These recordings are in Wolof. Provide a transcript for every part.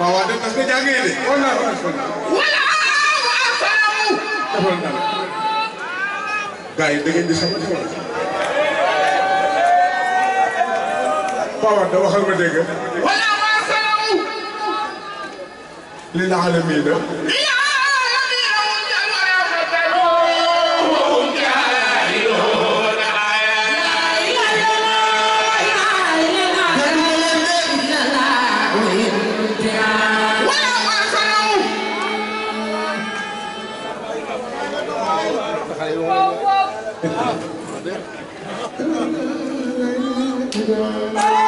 waaw waaw def na ko jàngee de war naa ko wala wa asaw defal na gars yi da ngeen di xam di xam waaw da waxal ma dégg wala wa asaw lil alamina Thank you.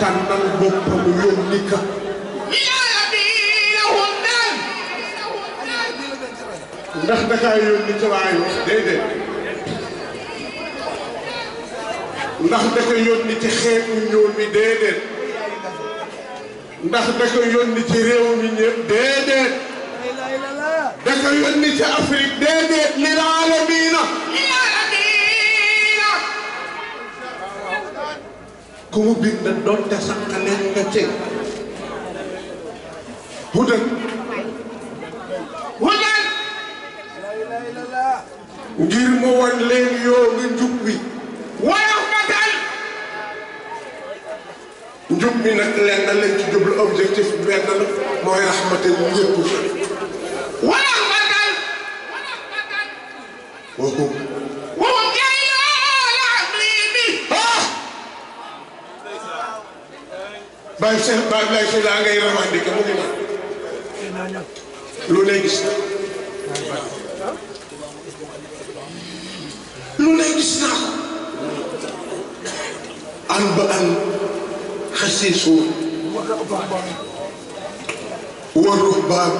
tànnal boppam yónni ka ndax dakaa yónni ka waaye wax déedéet ndax daka yónni ci xeetu ñuul mi déedéet ndax daka yónni ci réew mi ñëpp déedéet daka yónni ci Afrique déedéet lil aalamiina ku mu bind donte sànqaleeg nga ci bu dëgg wallaay ngir mu wan leen yoonu njub bi wayof matal njub bi nag leen na leen ci jublu objectif benn la mooy raxmatal ñëpp wayof matal waxu bàyyi seen bàyyi lay na lu ne gis naa ko an ba an xasiisuun wa ruhbaan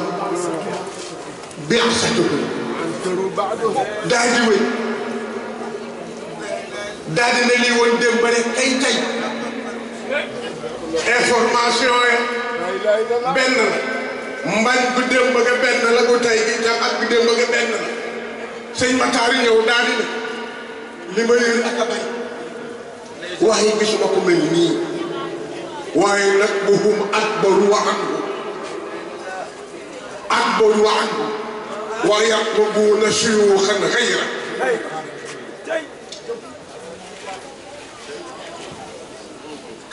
information ya benn la mbañ bu démb ga benn la bu tey gi ak bu démb ga benn la sëñ Mataari ñëw daal di li ma yër ak a bañ waaye gisuma ko mel nii waaye nag bu hum akbaru wa anhu akbaru wa anhu wa yaqlubuuna shuyuuxan xayra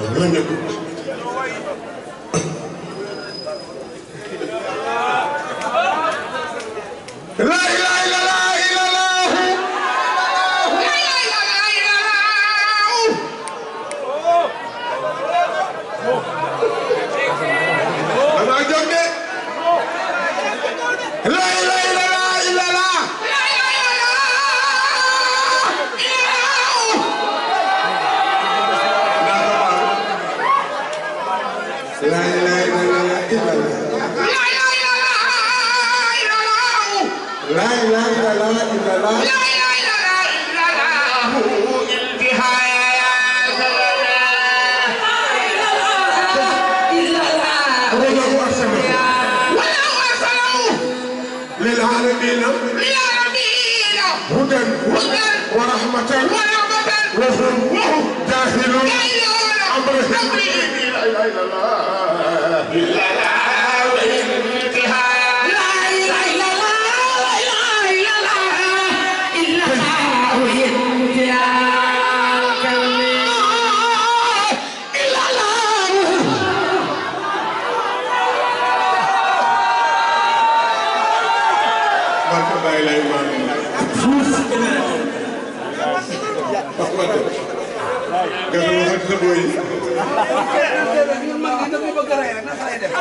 lay Am Because it was a good way. ko rey rek na xale def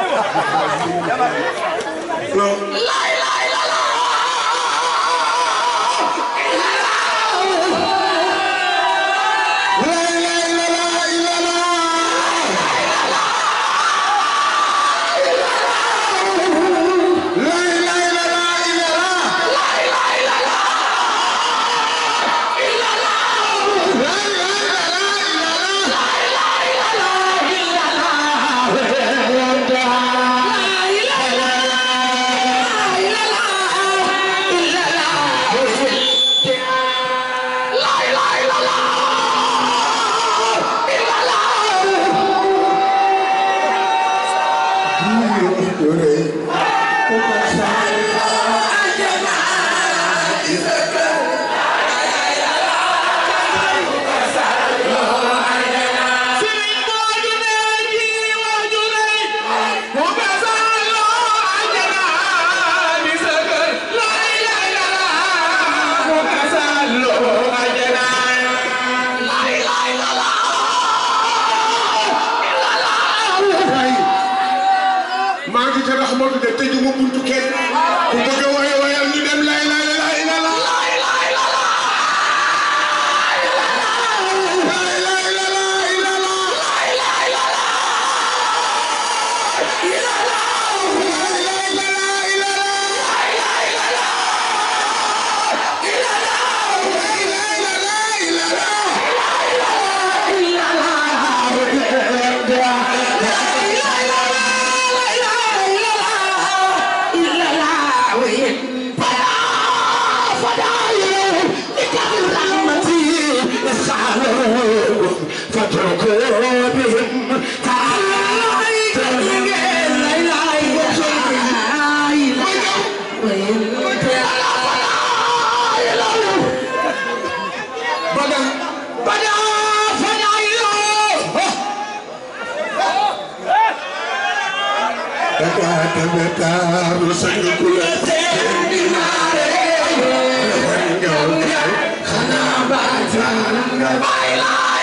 Bye.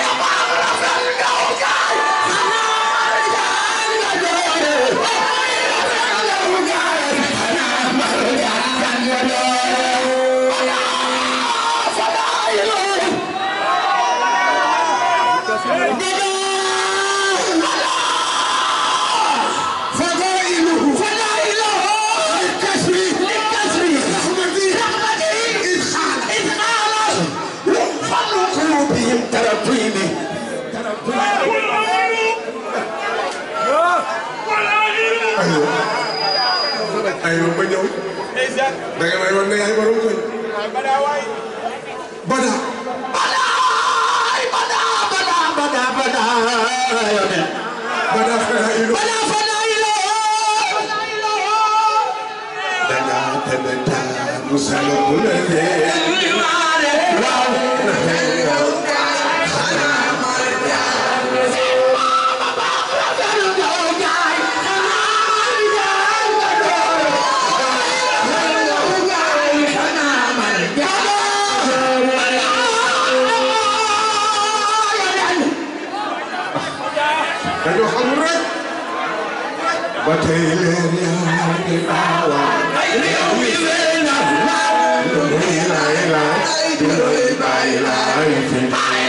may ma ma ñëw da nga may wan ne yaay borom koñ bada bada bada bada bada bada fana ilo bada fana ilo dana tanda ta musala bulade và thầy lên nhà thì ta là như thế là lại lại lại lại lại lại lại lại lại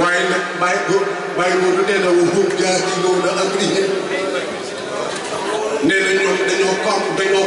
waaye nag bàyyi góor bàyyi góor du nee na wu góor jaar ci loolu na ak lii nee na ñoom dañoo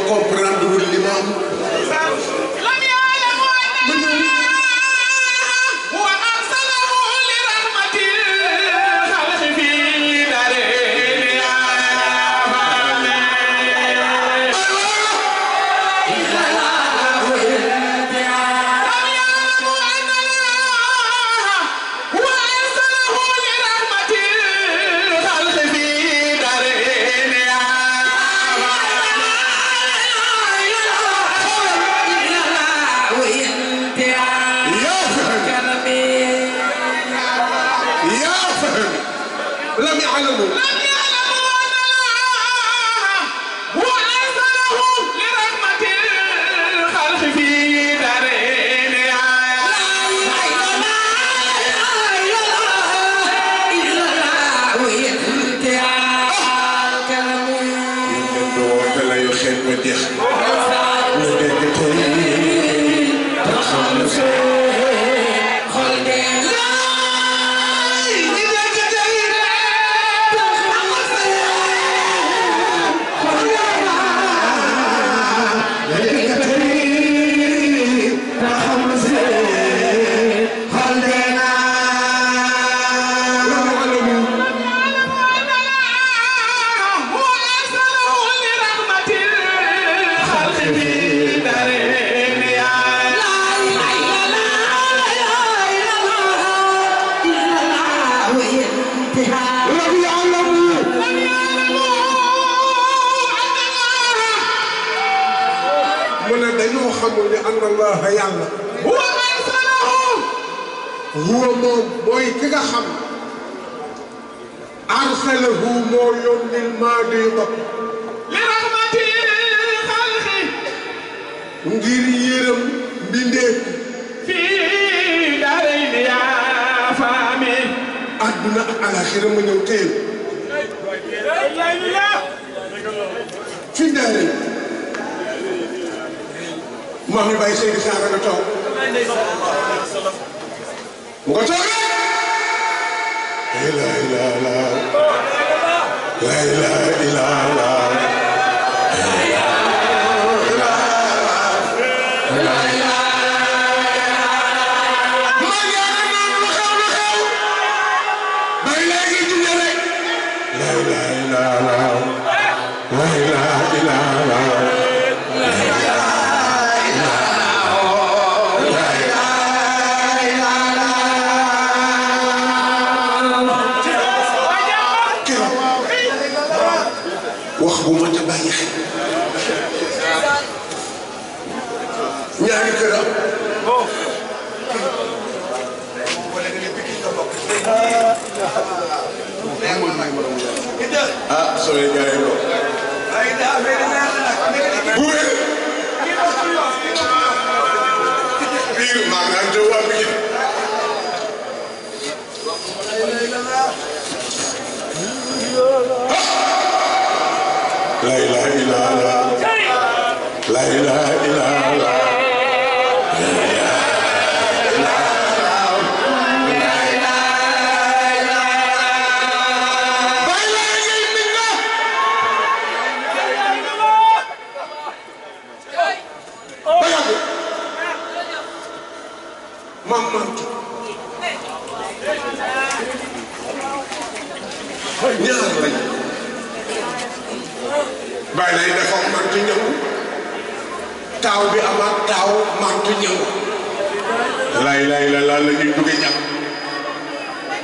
anna allaha yàlla huwa arsalahum huwa moom mooy ki nga xam arsalahu moo yónnil maadi ba li rahmati xalqi ngir yërëm mbindéef fii daaray ni yaa faami àdduna ak alaxira ma ñëw téye fi daaray moom ñu bàyyi Seydou Saara nga toog mu ko toog rek. la ilaha illallah la ilaha illallah.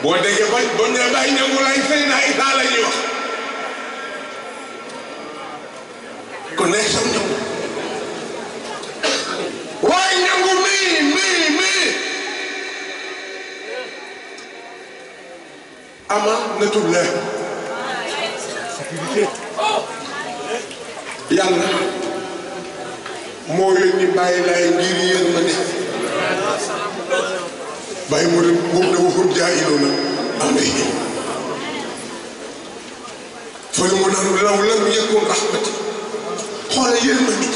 boo déggee ba ba ñu bàyyi ñëngu lay sëy naa isaa la ñuy wax kon nay sam ñëngu waaye ñëngu mii mii mii amaanatullah yàlla moo yónni bàyyi laay bàyyi mu ne moom ne waxul jaahiluuna alayhim fële mu naan law lam yakun rahmati xoola yërmande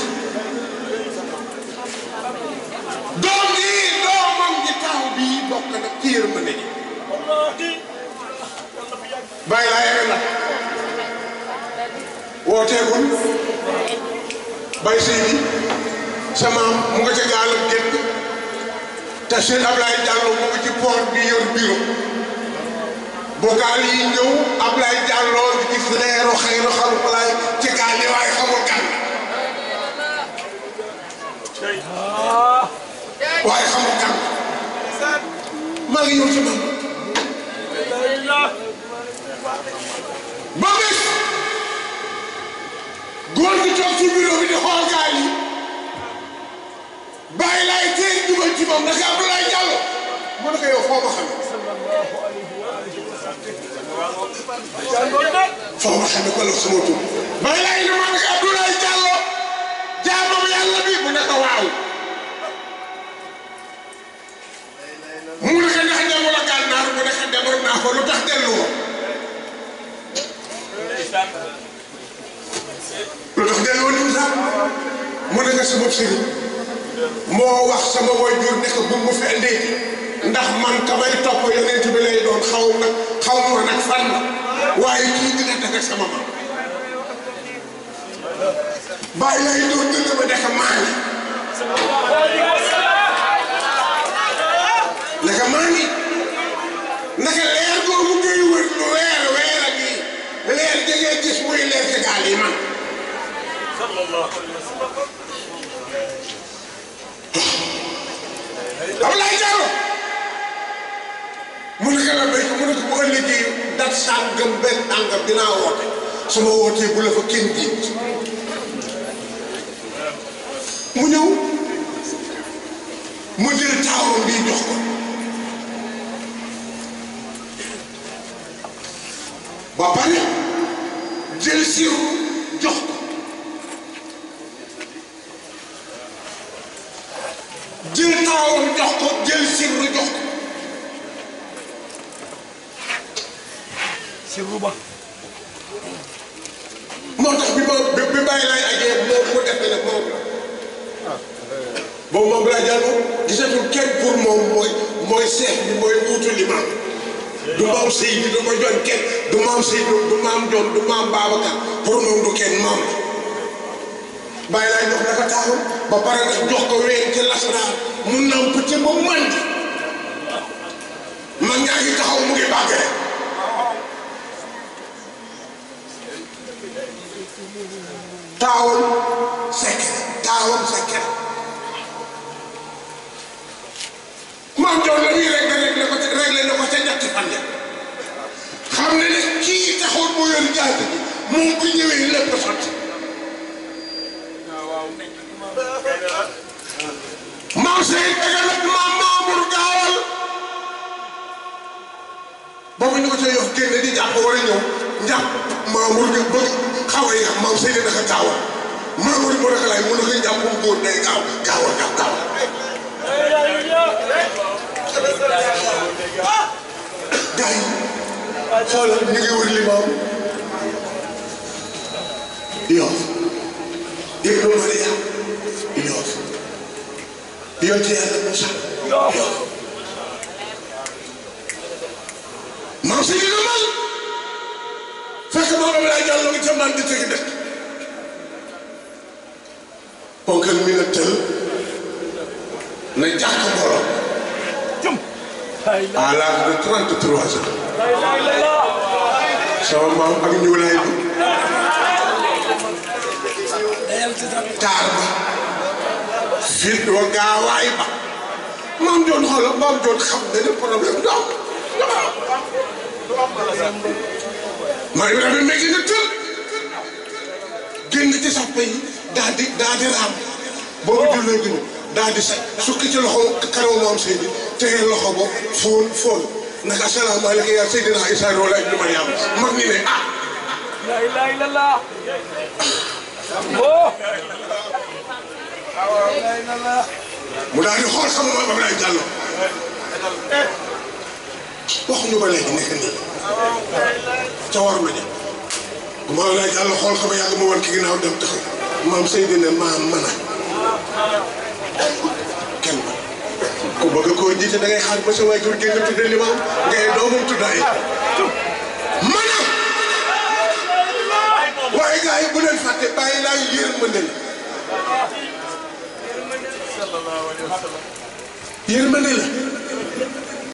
doom gi doomam gi taaw bi bokk na ci yërmande gi bàyyi laa yore nag wooteegul bàyyi sëy bi sa maam mu nga ca gaalam génn te seen Ablaye Diallo mu ngi ci port bi yor bureau bokaal yi ñëw Ablaye Diallo di gis reeru xayru xalukulaay ci gaal yi waaye xamul kan waaye xamul kan maa ngi ñëw ci man ba bés góor gi toog ci bureau bi di xool gaal yi bàyyi laay tee ci moom da nga Abdoulaye Diallo mu ne ko yow foo ma xamee. foo ma xamee ko la sama tur. bay laay lu ma ne ko Abdoulaye Diallo jaamam yàlla bi mu ne ko waaw. mu ne ko ndax dem wala gànnaar mu ne ko demoon naa ko lu tax dellu ko. lu tax dellu woon mu ne ko sa bopp sëriñ moo wax sama waajur ne ko bu mu fi indi ndax man ka may topp yonent bi lay doon xaw ma xaw ma nag fan la waaye kii dina daga sama maam bàyyi lay doon dina ma daka maa ngi naka maa ngi naka leer googu ngay wër lu weer weer ak yi leer jege gis muy leer ci gaal yi man gërëm dañ ko mën a ko bu ëllëgee dat sàngam benn àngam dinaa woote sama wootee bu la fa kenn jiit mu ñëw mu jël taawam bi jox ba pare jël siiw Babacar pour moom du kenn moom la bàyyi laay dox dafa ba pare daf jox ko wéen ci lasraar mu namp ci ba mandi man ngaa ngi taxaw mu ngi bàgg rek taawul sekk taawul sekk xóor moo yor ñaar moom bu ñëwee lépp sotti maam Seyid Daga nag maam Mamour gaawal boobu ñu ko ci yox génne di jàpp war a ñëw njàpp Mamour nga bëgg xaw a yéex maam Seyid dafa gaawal Mamour moo daka laay mu ne ko njàppum góor day gaaw gaawal gaaw gaawal gars yi xoolal ñu ngi wër limaam di yoot dégg nga Maria di yoot di yoot ci yàlla Moussa di yoot maam si dina mal fekk maamam laa jàll ngi ca man di tegi dëkk ponkal mi na tël na jàkk borom à l'âge de 33 ans sama maam ak ñuulaay bi taar ba fit wa gaawaay ba maam doon xoola maam xam ne le problème du am maa ngi rafet mais ci di daa di raam boobu daal di sa sukki ci loxo kanamu maam Seydi tegee loxo ba foon foon naka asalaamaaleykum yaa Seydina Issa Rohla ibnu Mariam mag ñi ne ah. la ilaha illallah. mu daal di xool sama maam Abdoulaye Diallo waxuñu ba léegi nekk nii ca war ma jëm bu ma Abdoulaye Diallo xool sama yàgg ma wan ki ginnaaw dem taxaw maam Seydi ne maam mën a. kenn ku bëgg koo jiite da ngay xaar ba sa waajur génn tudde limaam ngay doomam tuddaay mën a waaye gars yi bu leen fàtte bàyyi laa yërmande la yërmande la